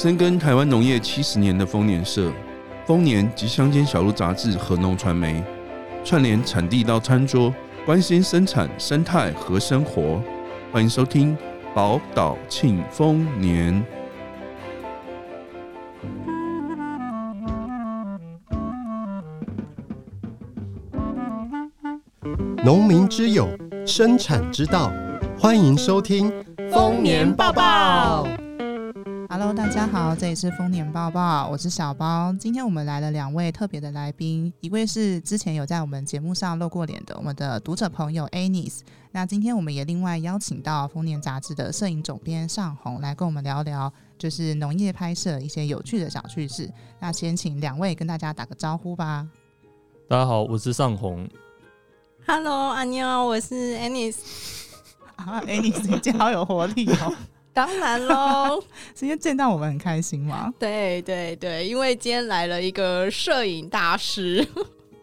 深耕台灣農業七十年的豐年社、豐年及鄉間小路雜誌和農傳媒，串聯產地到餐桌，關心生產生態和生活。歡迎收聽寶島慶豐年，農民之友，生產之道。歡迎收聽豐年報報。Hello，大家好，這裡是豐年報報。我是小包。今天我們來了兩位特別的來賓，一位是之前有在我們節目上露過臉的我們的讀者朋友 Anis。那今天我們也另外邀請到豐年雜誌的攝影總編尚鴻來跟我們聊聊，就是農業拍攝一些有趣的小趣事。那先請兩位跟大家打個招呼吧。大家好，我是尚鴻。Hello，阿妞，我是 Anis 啊。啊，Anis，你今天好有活力哦。 當然嘍， 今天見到我們很開心嗎？對對對，因為今天來了一個攝影大師。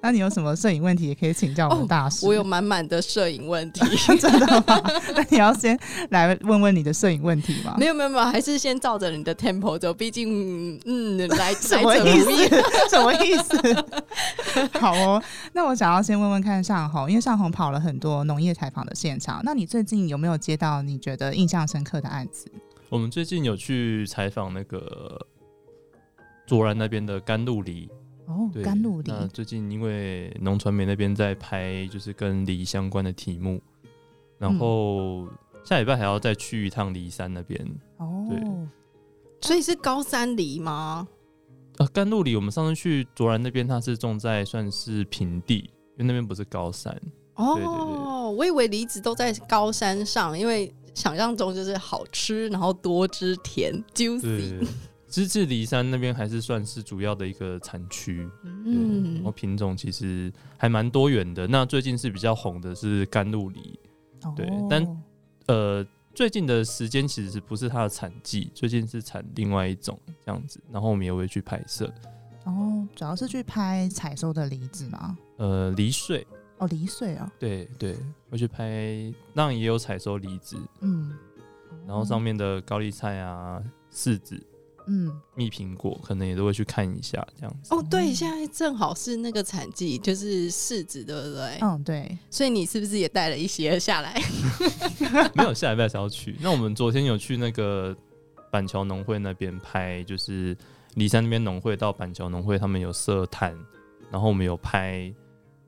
那你有什麼攝影問題，也可以請教我們大師。哦、我有滿滿的攝影問題。 真的嗎？ 那你要先來問問你的攝影問題吧。沒有沒有沒有，還是先照着你的 tempo 走。畢竟，嗯，嗯來 什麼意思？ 什麼意思？好哦。那我想要先問問看尚鴻，因為尚鴻跑了很多農業採訪的現場。那你最近有沒有接到你覺得印象深刻的案子？我們最近有去採訪那個卓蘭那邊的甘露梨。哦，oh, 對，甘露梨。那最近因為農傳媒那邊在拍，就是跟梨相關的題目，然後下禮拜還要再去一趟梨山那邊。哦、嗯，對，所以是高山梨嗎？啊，甘露梨。我們上次去卓然那邊，它是種在算是平地，因為那邊不是高山。哦、oh，我以為梨子都在高山上，因為想象中就是好吃，然後多汁甜，juicy。對對對。資治梨山那邊還是算是主要的一個產區，嗯，然後品種其實還蠻多元的。那最近是比較紅的是甘露梨。哦、對，但呃，最近的時間其實不是它的產季，最近是產另外一種這樣子。然後我們也會去拍攝，然後、哦、主要是去拍採收的梨子嗎？呃，梨穗，哦，梨穗啊，對對，我去拍那也有採收梨子，嗯，然後上面的高麗菜啊、柿子。嗯，蜜蘋果可能也都會去看一下這樣子。哦，對，現在正好是那個產季，就是柿子，對不對？嗯、哦，對。所以你是不是也帶了一些下來？ 沒有，下禮拜還想要去。 那我們昨天有去那個板橋農會那邊拍，就是梨山那邊農會到板橋農會，他們有設攤，然後我們有拍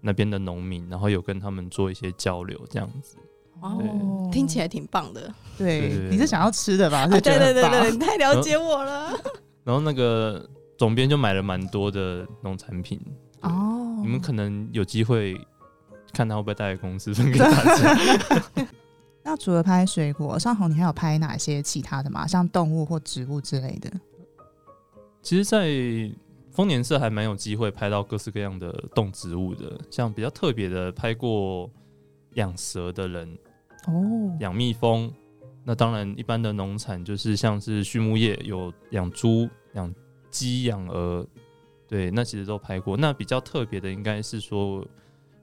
那邊的農民，然後有跟他們做一些交流這樣子。哦，oh, 對聽起來挺棒的。對，對對對，你是想要吃的吧？啊、對對對，對，對，對你太了解我了。然後，然後那個總編就買了蠻多的農產品哦、oh，你們可能有機會看他會不會帶來公司分給大家。那除了拍水果，尚鴻，你還有拍哪些其他的嗎？像動物或植物之類的？其實，在豐年社還蠻有機會拍到各式各樣的動植物的，像比較特別的，拍過養蛇的人。哦，oh. 養蜜蜂，那當然一般的農產就是像是畜牧業有養豬、養雞、養鵝，對，那其實都拍過。那比較特別的應該是說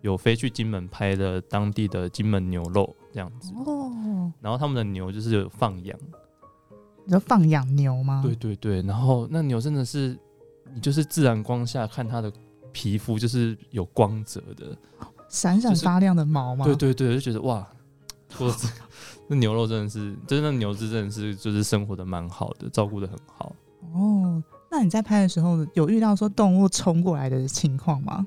有飛去金門拍的當地的金門牛肉這樣子，oh. 然後他們的牛就是有放養，你說放養牛嗎？對對對，然後那牛真的是你就是自然光下看它的皮膚就是有光澤的，閃閃、哦、發亮的毛嘛、就是。對對對，我就覺得哇。是那牛肉真的是，真的，就是牛隻真的是，就是生活的蠻好的，照顧得很好。哦，那你在拍的時候有遇到說動物衝過來的情況嗎？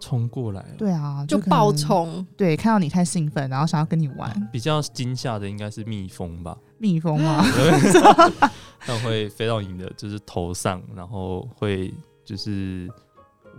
衝過來了，對啊，就暴衝，爆對，看到你太興奮，然後想要跟你玩。啊、比較驚嚇的應該是蜜蜂吧？蜜蜂啊，它會飛到你的就是頭上，然後會就是。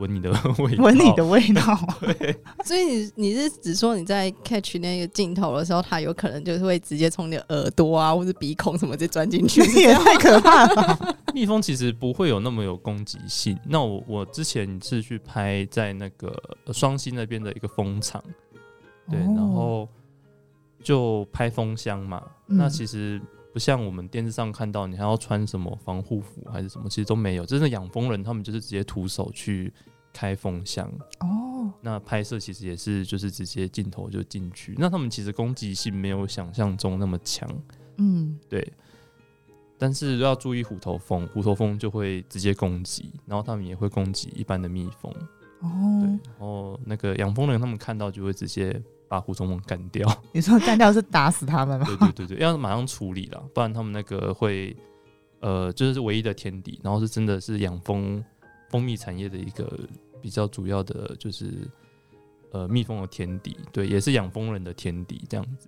聞你的味，聞你的味道。味道 對，所以你你是只說你在 catch 那個鏡頭的時候，它有可能就是會直接從你的耳朵啊，或者鼻孔什麼就鑽進去這。你也太可怕了。 蜜蜂其實不會有那麼有攻擊性。那我我之前是去拍在那個雙溪那邊的一個蜂場，哦、對，然後就拍蜂箱嘛。嗯、那其實。不像我們電視上看到，你還要穿什麼防護服還是什麼，其實都沒有。真的養蜂人他們就是直接徒手去開蜂箱哦。Oh. 那拍攝其實也是就是直接鏡頭就進去，那他們其實攻擊性沒有想象中那麼強。嗯，對。但是要注意虎頭蜂，虎頭蜂就會直接攻擊，然後他們也會攻擊一般的蜜蜂。哦，Oh. 對，然後那個養蜂人他們看到就會直接。把虎頭蜂幹掉？你說幹掉是打死他們嗎？ 對對對，對要馬上處理了，不然他們那個會呃，就是唯一的天敵，然後是真的是養蜂蜂蜜產業的一個比較主要的，就是呃，蜜蜂的天敵，對，也是養蜂人的天敵，這樣子。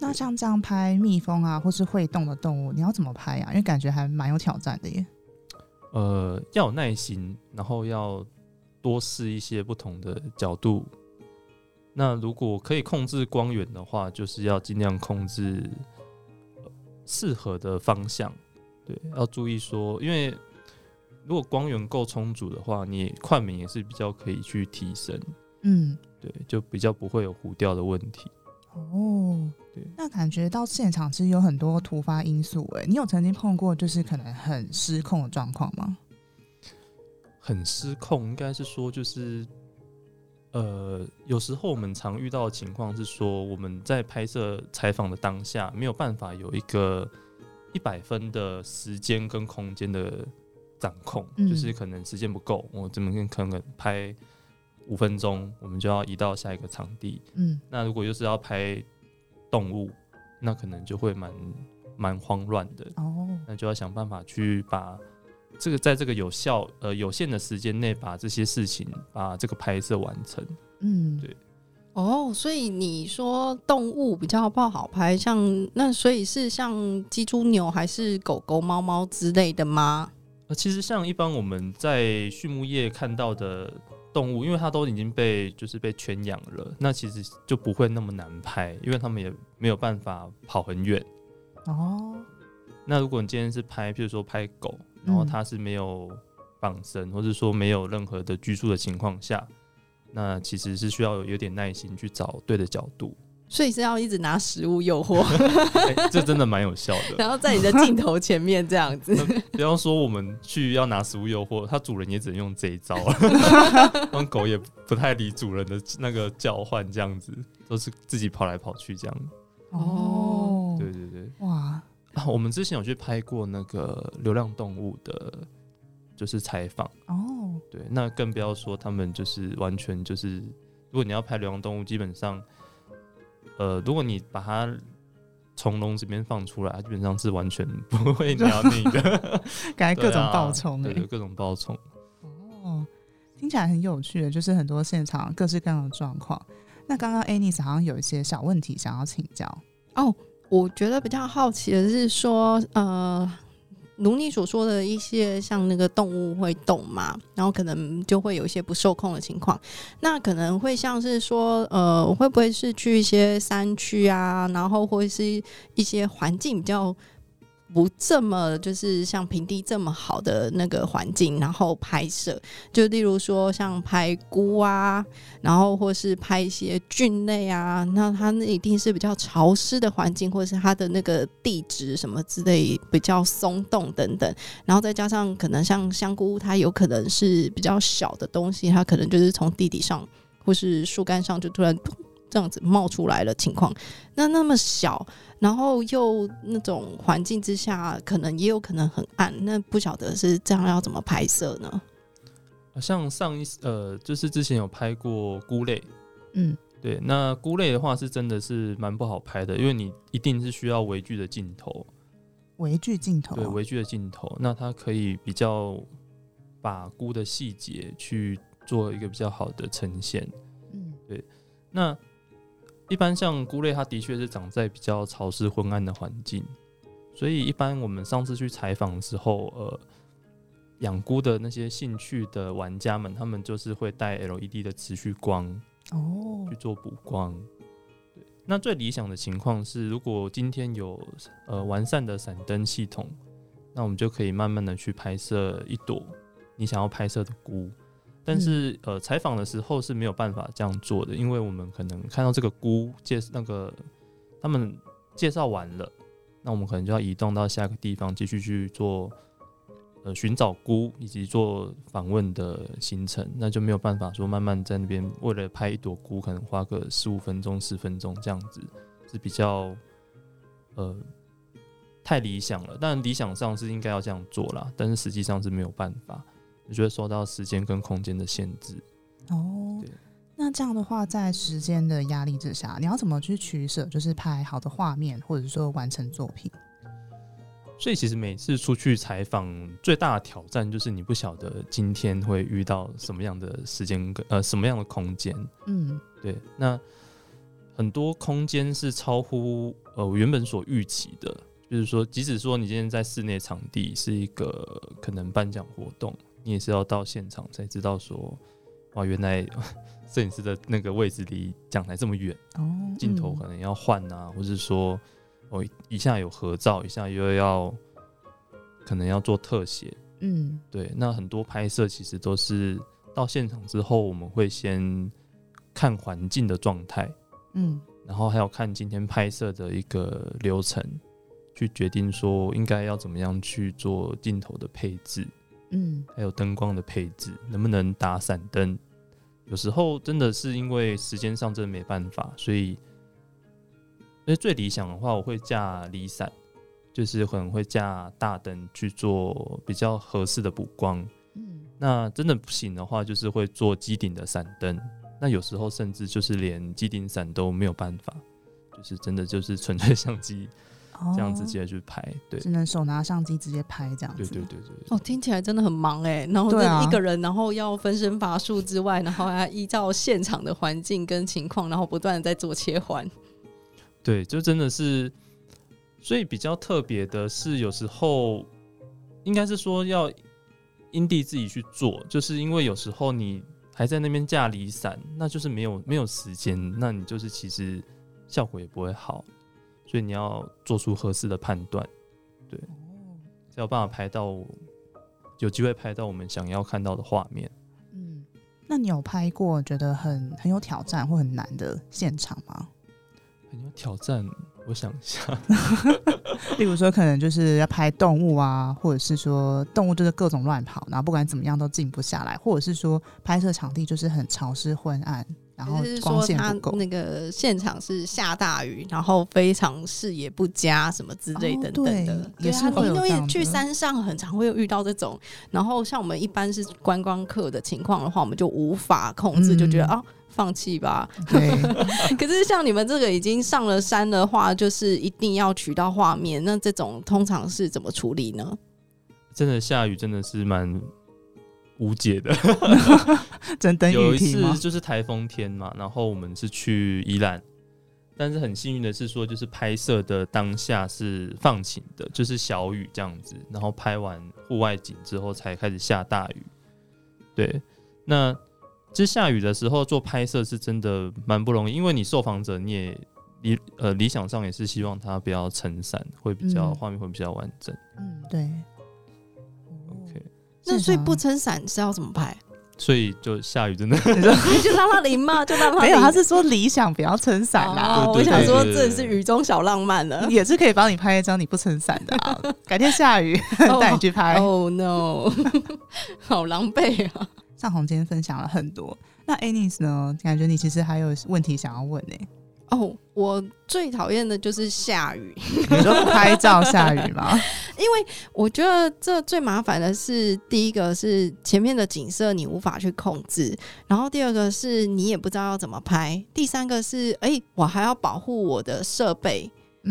那像這樣拍蜜蜂啊，或是會動的動物，你要怎麼拍啊？因為感覺還蠻有挑戰的耶。呃，要有耐心，然後要多試一些不同的角度。那如果可以控制光源的話，就是要盡量控制適合的方向。對，要注意說，因為如果光源夠充足的話，你快門也是比較可以去提升。嗯，對，就比較不會有糊掉的問題。哦，對。那感覺到現場其實有很多突發因素，哎，你有曾經碰過就是可能很失控的狀況嗎？很失控，應該是說就是。呃，有時候我們常遇到的情況是說，我們在拍攝採訪的當下沒有辦法有一個一百分的時間跟空間的掌控，嗯、就是可能時間不夠，我怎麼跟可能拍五分鐘，我們就要移到下一個場地。嗯，那如果又是要拍動物，那可能就會蠻蠻慌亂的哦，那就要想辦法去把。這個在這個有效呃有限的時間內把這些事情把這個拍攝完成，嗯，對，哦，oh, 所以你說動物比較不好拍，像那所以是像雞、豬、牛還是狗狗、貓貓之類的嗎？呃，其實像一般我們在畜牧業看到的動物，因為它都已經被就是被圈養了，那其實就不會那麼難拍，因為他們也沒有辦法跑很遠。哦，oh. 那如果你今天是拍，譬如說拍狗。然後它是沒有綁繩，嗯、或是說沒有任何的拘束的情況下，那其實是需要有點耐心去找對的角度。所以是要一直拿食物誘惑 、欸，這真的蠻有效的。然後在你的鏡頭前面這樣子， 比方說我們去要拿食物誘惑，它主人也只能用這一招。然後狗也不太理主人的那個叫喚，這樣子都是自己跑來跑去這樣子。哦，對，對對對，哇。啊、我們之前有去拍過那個流浪動物的，就是採訪哦。Oh. 對，那更不要說他們就是完全就是，如果你要拍流浪動物，基本上，呃，如果你把它從籠子邊放出來，它基本上是完全不會咬你的、那個，感覺 各種暴衝、欸，對，啊、對，對，對，各種暴衝。哦，oh. 聽起來很有趣的，就是很多現場各式各樣的狀況。那剛剛 Annie 好像有一些小問題想要請教哦。Oh. 我覺得比較好奇的是說，呃，如你所說的一些像那個動物會動嘛，然後可能就會有一些不受控的情況。那可能會像是說，呃，我會不會是去一些山區啊，然後或是一些環境比較。不這麼就是像平地這麼好的那個環境，然後拍攝，就例如說像拍菇啊，然後或是拍一些菌類啊，那它那一定是比較潮濕的環境，或是它的那個地質什麼之類比較鬆動等等，然後再加上可能像香菇，它有可能是比較小的東西，它可能就是從地底上或是樹幹上就突然。這樣子冒出來的情況，那那麼小，然後又那種環境之下，可能也有可能很暗，那不曉得是這樣要怎麼拍攝呢？像上一呃，就是之前有拍過菇類，嗯，對，那菇類的話是真的是蠻不好拍的，嗯、因為你一定是需要微距的鏡頭，微距鏡頭，對，微距的鏡頭，那它可以比較把菇的細節去做一個比較好的呈現，嗯，對，那。一般像菇類，它的確是長在比較潮濕、昏暗的環境，所以一般我們上次去採訪的時候，呃，養菇的那些興趣的玩家們，他們就是會帶 LED 的持續光去做補光。Oh. 對，那最理想的情況是，如果今天有呃完善的閃燈系統，那我們就可以慢慢的去拍攝一朵你想要拍攝的菇。但是，呃，採訪的時候是沒有辦法這樣做的，因為我們可能看到這個菇介那個他們介紹完了，那我們可能就要移動到下一個地方繼續去做，呃，尋找菇以及做訪問的行程，那就沒有辦法說慢慢在那邊為了拍一朵菇，可能花個十五分鐘、十分鐘這樣子是比較，呃，太理想了。但理想上是應該要這樣做啦，但是實際上是沒有辦法。就會受到時間跟空間的限制。哦，對，那這樣的話，在時間的壓力之下，你要怎麼去取捨？就是拍好的畫面，或者說完成作品。所以，其實每次出去採訪，最大的挑戰就是你不曉得今天會遇到什麼樣的時間跟呃什麼樣的空間。嗯，對。那很多空間是超乎呃我原本所預期的，就是說，即使說你今天在室內場地是一個可能頒獎活動。你也是要到現場才知道說，哇，原來攝影師的那個位置離講台這麼遠，哦、嗯，鏡頭可能要換啊，或是說，哦，一下有合照，一下又要可能要做特寫，嗯，對。那很多拍攝其實都是到現場之後，我們會先看環境的狀態，嗯，然後還有看今天拍攝的一個流程，去決定說應該要怎麼樣去做鏡頭的配置。嗯，還有燈光的配置，能不能打閃燈？有時候真的是因為時間上真的沒辦法，所以，因為最理想的話，我會架離閃，就是可能會架大燈去做比較合適的補光。嗯，那真的不行的話，就是會做機頂的閃燈。那有時候甚至就是連機頂閃都沒有辦法，就是真的就是純粹相機，這樣子直接去拍，對，只能手拿相機直接拍這樣子。對，對對對對，哦，聽起來真的很忙哎。然後一個人，然後要分身乏術之外，然後還要依照現場的環境跟情況，然後不斷的在做切換。對，就真的是，所以比較特別的是，有時候應該是說要因地自己去做，就是因為有時候你還在那邊架離傘，那就是沒有沒有時間，那你就是其實效果也不會好。所以你要做出合適的判斷，對，才有辦法拍到我有機會拍到我們想要看到的畫面。嗯，那你有拍過覺得很很有挑戰或很難的現場嗎？很有挑戰，我想一下。 例如說，可能就是要拍動物啊，或者是說動物就是各種亂跑，然後不管怎麼樣都靜不下來，或者是說拍攝場地就是很潮濕昏暗。就是說，他那個現場是下大雨，然後非常視野不佳，什麼之類等等的。對啊，因為去山上很常會有遇到這種，然後像我們一般是觀光客的情況的話，我們就無法控制，就覺得啊，放棄吧。可是像你們這個已經上了山的話，就是一定要取到畫面，那這種通常是怎麼處理呢？真的下雨真的是蠻。無解的 嗎，真的。有一次就是台風天嘛，然後我們是去宜蘭，但是很幸運的是說，就是拍攝的當下是放晴的，就是小雨這樣子，然後拍完戶外景之後才開始下大雨。對，那這下雨的時候做拍攝是真的蠻不容易，因為你受訪者你也理呃理想上也是希望他不要撐傘，會比較畫、嗯、面會比較完整。嗯，對。所以不撐傘是要怎麼拍？所以就下雨真的，你 就讓他淋嘛，就讓他 沒有。他是說理想不要撐傘啦。Oh, 我想說，這也是雨中小浪漫了，也是可以幫你拍一張你不撐傘的啊。 改天下雨帶、oh, 你去拍。Oh, oh no！ 好狼狽啊。尚鴻今天分享了很多。那 Anis 呢？感覺你其實還有問題想要問呢、欸。哦，我最討厭的就是下雨。你說拍照下雨嗎？ 因為我覺得這最麻煩的是，第一個是前面的景色你無法去控制，然後第二個是你也不知道要怎麼拍，第三個是哎、欸，我還要保護我的設備。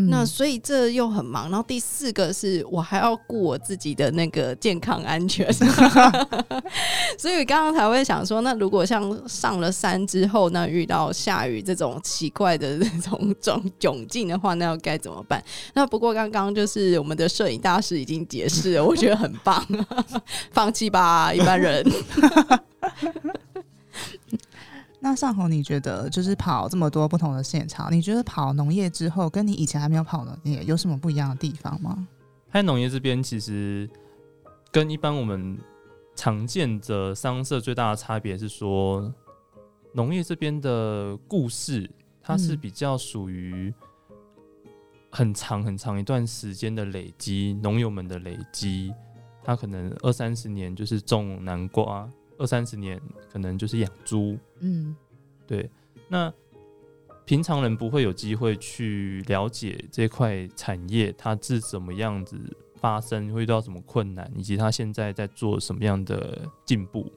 那所以這又很忙，然後第四個是我還要顧我自己的那個健康安全， 所以剛剛才會想說，那如果像上了山之後，那遇到下雨這種奇怪的這種種窘境的話，那要該怎麼辦？那不過剛剛就是我們的攝影大師已經解釋了，我覺得很棒， 放棄吧，一般人。 那尚鴻，你覺得就是跑這麼多不同的現場，你覺得跑農業之後，跟你以前還沒有跑農業有什麼不一樣的地方嗎？它在農業這邊，其實跟一般我們常見的商社最大的差別是說，農業這邊的故事，它是比較屬於很長很長一段時間的累積，農友們的累積，他可能二三十年就是種南瓜。二三十年，可能就是養豬。嗯，對。那平常人不會有機會去了解這塊產業，它是怎麼樣子發生，會遇到什麼困難，以及他現在在做什麼樣的進步。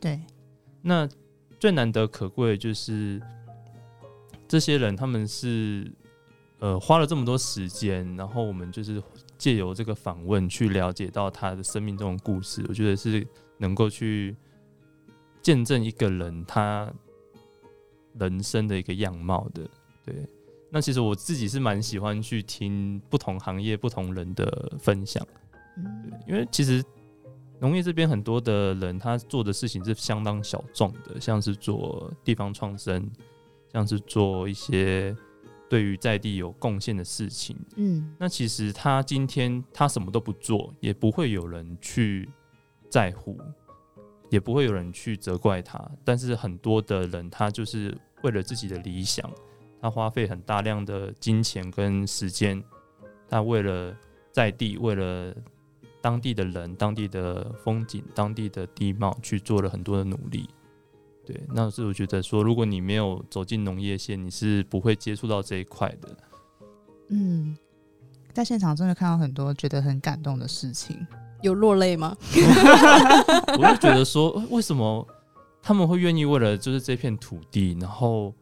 對。那最難得可貴就是這些人，他們是呃花了這麼多時間，然後我們就是借由這個訪問去了解到他的生命中的故事，我覺得是。能夠去見證一個人他人生的一個樣貌的，對。那其實我自己是蠻喜歡去聽不同行業、不同人的分享，嗯，對，因為其實農業這邊很多的人他做的事情是相當小眾的，像是做地方創生，像是做一些對於在地有貢獻的事情，嗯。那其實他今天他什麼都不做，也不會有人去。在乎，也不會有人去責怪他。但是很多的人，他就是為了自己的理想，他花費很大量的金錢跟時間，他為了在地，為了當地的人、當地的風景、當地的地貌，去做了很多的努力。對，那是我覺得說，如果你沒有走進農業線，你是不會接觸到這一塊的。嗯，在現場真的看到很多覺得很感動的事情。有落淚嗎？ 我就覺得說，為什麼他們會願意為了就是這片土地，然後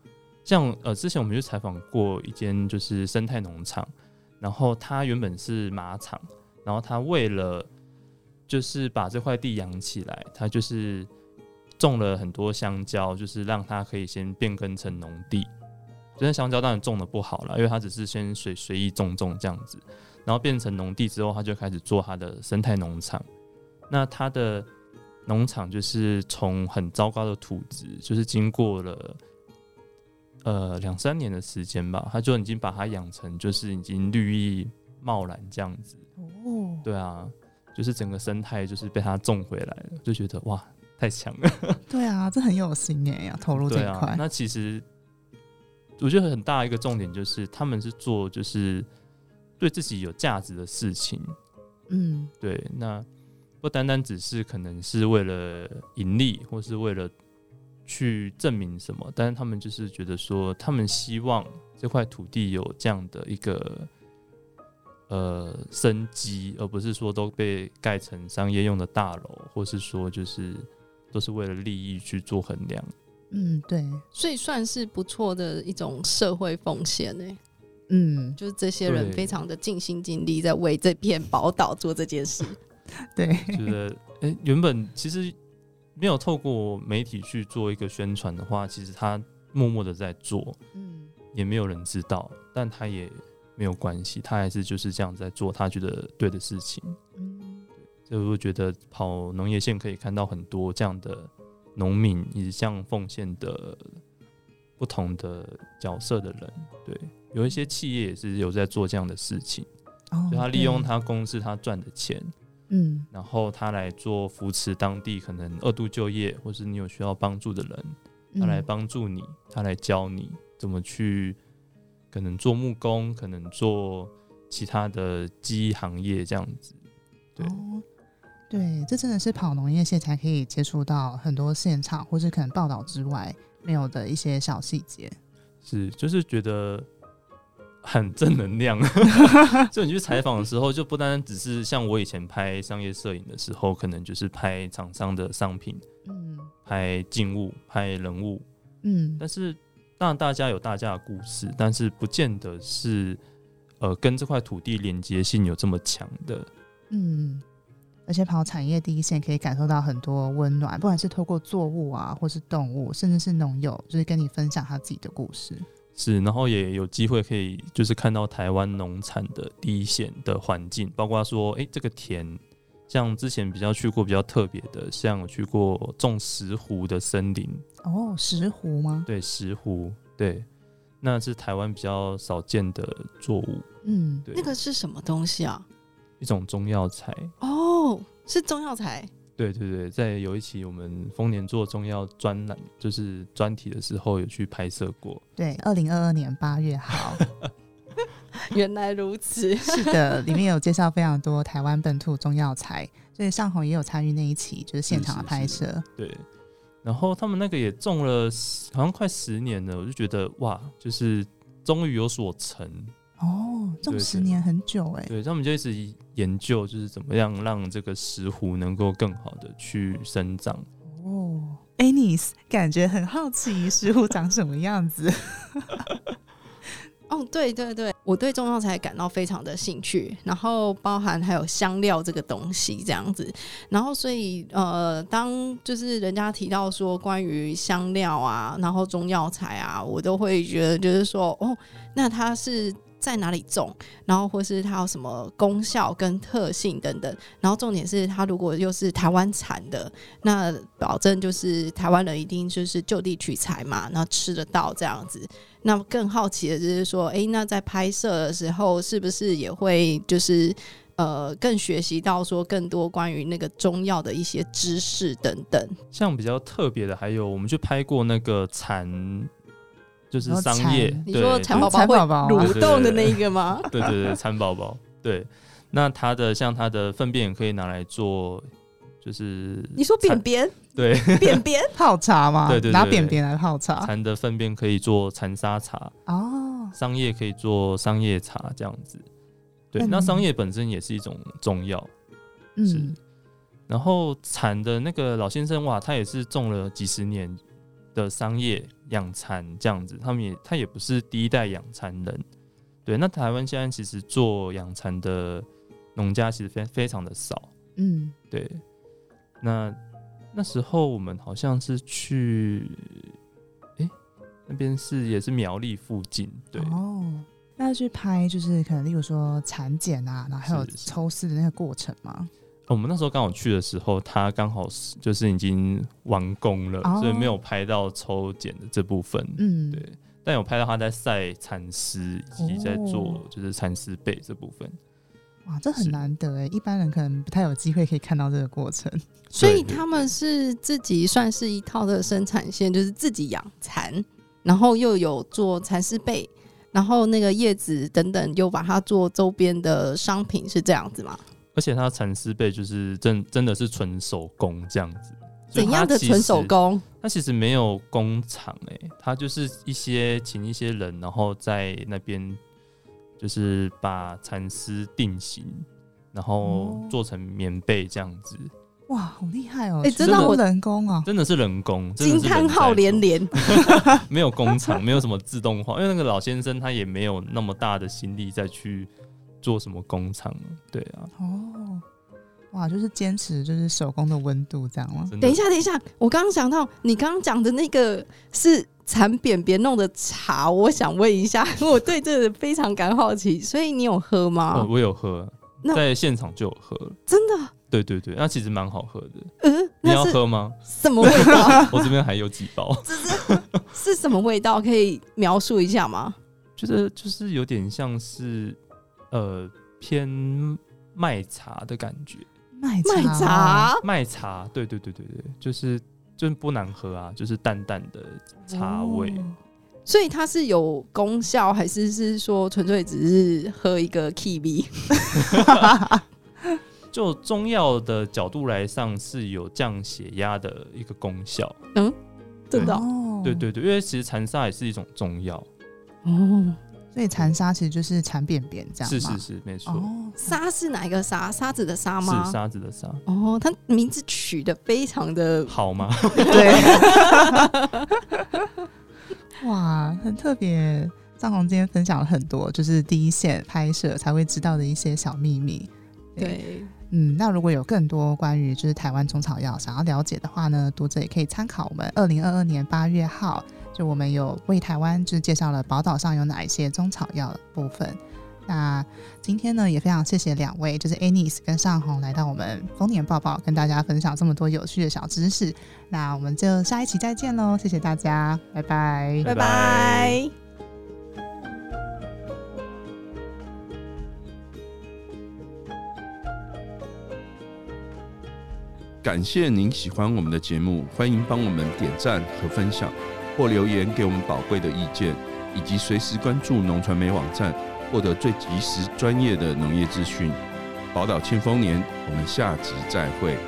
像呃，之前我們就採訪過一間就是生態農場，然後他原本是馬場，然後他為了就是把這塊地養起來，他就是種了很多香蕉，就是讓它可以先變更成農地。這些香蕉當然種得不好了，因為它只是先隨隨意種種這樣子。然後變成農地之後，他就開始做他的生態農場。那他的農場就是從很糟糕的土質，就是經過了呃兩三年的時間吧，他就已經把它養成，就是已經綠意茂然這樣子。Oh. 對啊，就是整個生態就是被他種回來了，就覺得哇，太強了。 對啊，這很有心哎，要投入這一塊、啊。那其實我覺得很大一個重點就是，他們是做就是。對自己有價值的事情，嗯，對，那不單單只是可能是為了盈利，或是為了去證明什麼，但是他們就是覺得說，他們希望這塊土地有這樣的一個呃生機，而不是說都被蓋成商業用的大樓，或是說就是都是為了利益去做衡量。嗯，對，所以算是不錯的一種社會奉獻呢。嗯，就是這些人非常的盡心盡力，在為這片寶島做這件事。對，對覺得哎、欸，原本其實沒有透過媒體去做一個宣傳的話，其實他默默的在做，嗯，也沒有人知道，但他也沒有關係，他還是就是這樣在做他覺得對的事情。嗯，就我覺得跑農業線可以看到很多這樣的農民，以及這樣奉獻的不同的角色的人，對。有一些企業也是有在做這樣的事情，就、oh, 他利用他公司他賺的錢，嗯，然後他來做扶持當地可能二度就業，或是你有需要幫助的人，他來幫助你，嗯、他來教你怎麼去，可能做木工，可能做其他的技行業這樣子，對，oh, 對，這真的是跑農業線才可以接觸到很多現場或是可能報道之外沒有的一些小細節，是，就是覺得。很正能量，就 你去採訪的時候，就不單單只是像我以前拍商業攝影的時候，可能就是拍廠商的商品，嗯、拍靜物，拍人物，嗯。但是，大大家有大家的故事，但是不見得是呃跟這塊土地連接性有這麼強的，嗯。而且跑產業第一線，可以感受到很多溫暖，不管是透過作物啊，或是動物，甚至是農友，就是跟你分享他自己的故事。是，然後也有機會可以就是看到台灣農產的第一線的環境，包括說，誒、欸、這個田，像之前比較去過比較特別的，像我去過種石斛的森林。哦，石斛嗎？對，石斛，對，那是台灣比較少見的作物。嗯，對，那個是什麼東西啊？一種中藥材。哦，是中藥材。對對對，在有一期我們豐年做中藥專欄，就是專題的時候有去拍攝過。對，二零二二年八月號。 原來如此。 是的，裡面有介紹非常多台灣本土中藥材，所以尚鴻也有參與那一期，就是現場的拍攝。對，然後他們那個也種了好像快十年了，我就覺得哇，就是終於有所成。哦，這種十年很久哎，對，對，對，對，他們就一直研究，就是怎麼樣讓這個石斛能夠更好的去生長。哦，Anis 感覺很好奇石斛長什麼樣子。 哦，對對對，我對中藥材感到非常的興趣，然後包含還有香料這個東西這樣子，然後所以呃，當就是人家提到說關於香料啊，然後中藥材啊，我都會覺得就是說，哦，那它是。在哪裡種，然後或是它有什麼功效跟特性等等，然後重點是它如果又是台灣產的，那保證就是台灣人一定就是就地取材嘛，然後吃得到這樣子。那更好奇的就是說，哎、欸，那在拍攝的時候是不是也會就是呃更學習到說更多關於那個中藥的一些知識等等？像比較特別的，還有我們去拍過那個蠶。就是桑葉，你說蠶寶寶會蠕動的那一個嗎？對對對，蠶寶寶。對，那它的像它的糞便也可以拿來做，就是你說便便，對，便便泡茶嘛？對對，拿便便來泡茶。蠶的糞便可以做蠶沙茶哦，桑葉可以做桑葉茶這樣子。對，那桑葉本身也是一種中藥。嗯，然後蠶的那個老先生哇，他也是種了幾十年的商業養蠶這樣子，他們也他也不是第一代養蠶人，對。那台灣現在其實做養蠶的農家其實非非常的少，嗯，對。那那時候我們好像是去，欸、那邊是也是苗栗附近，對。哦，那要去拍就是可能例如說蠶繭啊，然後還有抽絲的那個過程嗎？是是我們那時候剛好去的時候，他剛好是就是已經完工了，哦、所以沒有拍到抽繭的這部分。嗯，對，但有拍到他在曬蠶絲以及在做就是蠶絲被這部分、哦。哇，這很難得哎，是一般人可能不太有機會可以看到這個過程。所以他們是自己算是一套的生產線，就是自己養蠶，然後又有做蠶絲被，然後那個葉子等等又把它做周邊的商品，是這樣子嗎？而且它蠶絲被就是真真的是純手工這樣子，怎樣的純手工？它其實沒有工廠哎、欸，它就是一些請一些人，然後在那邊就是把蠶絲定型，然後做成棉被這樣子。嗯、哇，好厲害哦、喔！哎、欸，真的，人工啊、喔，真的是人工，人驚嘆號連連。 沒有工廠，沒有什麼自動化， 因為那個老先生他也沒有那麼大的心力再去。做什麼工廠？對啊，哦，哇，就是堅持就是手工的溫度這樣了。的等一下，等一下，我剛剛想到你剛剛講的那個是蠶扁扁弄的茶，我想問一下，我對這個非常感好奇，所以你有喝嗎？嗯、我有喝，那在現場就有喝。真的？對對對，那其實蠻好喝的。嗯，那你要喝嗎？什麼味、啊、道？ 我這邊還有幾包 是。是什麼味道？可以描述一下嗎？覺得就是有點像是。呃，偏麥茶的感覺，麥茶，麥、啊、茶，對對對對對，就是就是不難喝啊，就是淡淡的茶味、哦。所以它是有功效，還是是說純粹只是喝一個 K B？ 就中藥的角度來上，是有降血壓的一個功效。嗯，真的對哦，對對對，因為其實蠶沙也是一種中藥哦。被蠶沙其實就是蠶便便。這樣是是是，沒錯。哦、沙是哪一個沙？沙子的沙嗎？是沙子的沙。哦，它名字取得非常的好嗎？ 對。 哇，很特別！尚鴻今天分享了很多，就是第一線拍攝才會知道的一些小秘密。對。對嗯，那如果有更多關於就是台灣中草藥想要了解的話呢，讀者也可以參考我們二零二二年八月號。我們有為台灣，就是介紹了寶島上有哪些中草藥部分。那今天呢，也非常謝謝兩位，就是 Anis 跟尚鴻來到我們豐年報報，跟大家分享這麼多有趣的小知識。那我們就下一期再見嘍，謝謝大家，拜拜，拜拜 bye。感謝您喜歡我們的節目，歡迎幫我們點讚和分享。或留言給我們寶貴的意見，以及隨時關注農傳媒網站，獲得最及時專業的農業資訊。寶島慶豐年，我們下集再會。